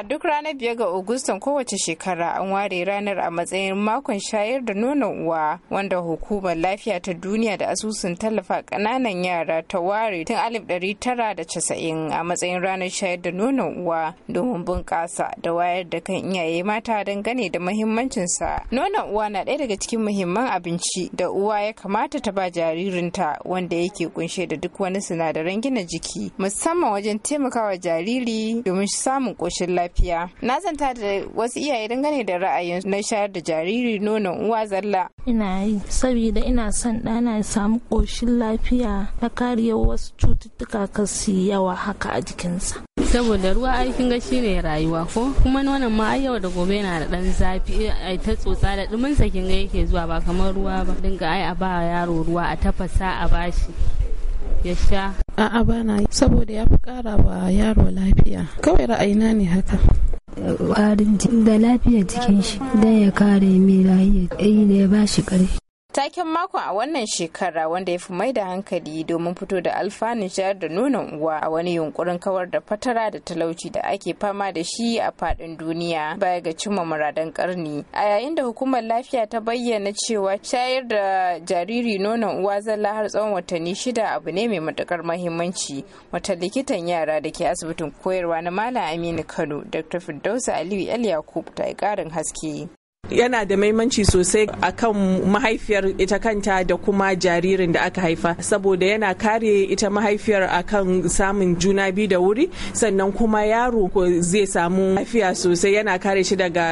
A duk ranar biyar ga Agustan kowace shekara an ware ranar a matsayin makon shayar da nonon uwa wanda hukumar lafiya ta duniya da asusun tallafa ƙananan yara ta ware tun 1990 a matsayin ranar shayar da nonon uwa domin bunƙasa da wayar da kan iyaye mata dangane da mahimmancinsa. Nonon uwa na ɗaya daga cikin muhimman abinci da uwa ya kamata ta ba jaririnta wanda yake kunshe da duk wani sinadaran gina jiki musamman wajen taimakawa jariri domin samun ƙoshin lafiya. lafiya. Na zanta da wasu iyaye dangane da ra'ayin na shayar da jariri nonon uwa zalla. Ina yi saboda ina son ɗana ya samu koshin lafiya na kariyar wasu cututtuka kasu yawa haka a jikinsa. saboda ruwa aikin gashi ne shine rayuwa ko kuma wannan ma yau da gobe yana da dan zafi eh, a ta tsotsa da dumin sa ga yake zuwa ba kamar ruwa ba dinga ai a ba yaro ruwa a tafasa a bashi ya sha a'a ba na saboda ya fi kara wa yaro lafiya kawai ra'ayina ne haka ƙarin da lafiyar jikin shi don ya kare mai lafiya yi ne ya ba shi ƙarfi Taken mako a wannan shekara wanda ya fi mai da hankali domin fito da alfanun shayar da nonon uwa a wani yunkurin kawar da fatara da talauci da ake fama da shi a fadin duniya baya ga cimma muradan karni. A yayin da hukumar lafiya ta bayyana cewa shayar da jariri nonon uwa zalla har tsawon watanni shida abu ne mai matukar mahimmanci. Wata likitan yara da ke asibitin koyarwa na Malam Aminu Kano, Dr. Firdausa Aliyu El Yakub ta karin haske. yana da maimanci sosai akan mahaifiyar ita kanta da kuma jaririn da aka haifa saboda yana kare ita mahaifiyar a kan samun juna biyu da wuri sannan kuma yaro ko zai samu lafiya sosai yana kare shi daga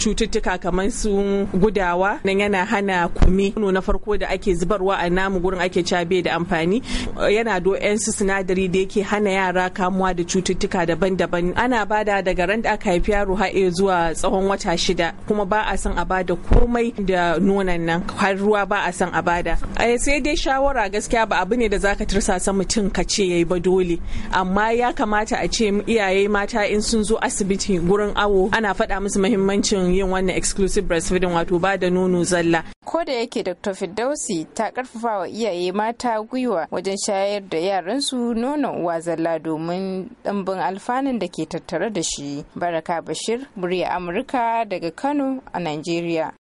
cututtuka kamar su gudawa nan yana hana kumi na farko da ake zubarwa a namu gurin ake cabe da amfani yana do su sinadari da yake hana yara kamuwa da cututtuka daban-daban ana bada daga ran da aka haifi yaro har zuwa tsawon wata shida kuma ba a son a bada komai da nonon nan har ruwa ba a son a bada eh, sai dai shawara gaskiya ba abu ne da zaka tursasa mutum ka ce yayi ba dole amma ya kamata a ce iyaye mata in sun zo asibiti gurin awo ana faɗa musu muhimmancin yin wannan exclusive breastfeeding wato ba da nono zalla ko da yake dr firdausi ta karfafa wa iyaye mata gwiwa wajen shayar da yaransu nonon uwa zalla domin ɗimbin alfanun da ke tattare da shi baraka bashir murya amurka daga kano a nigeria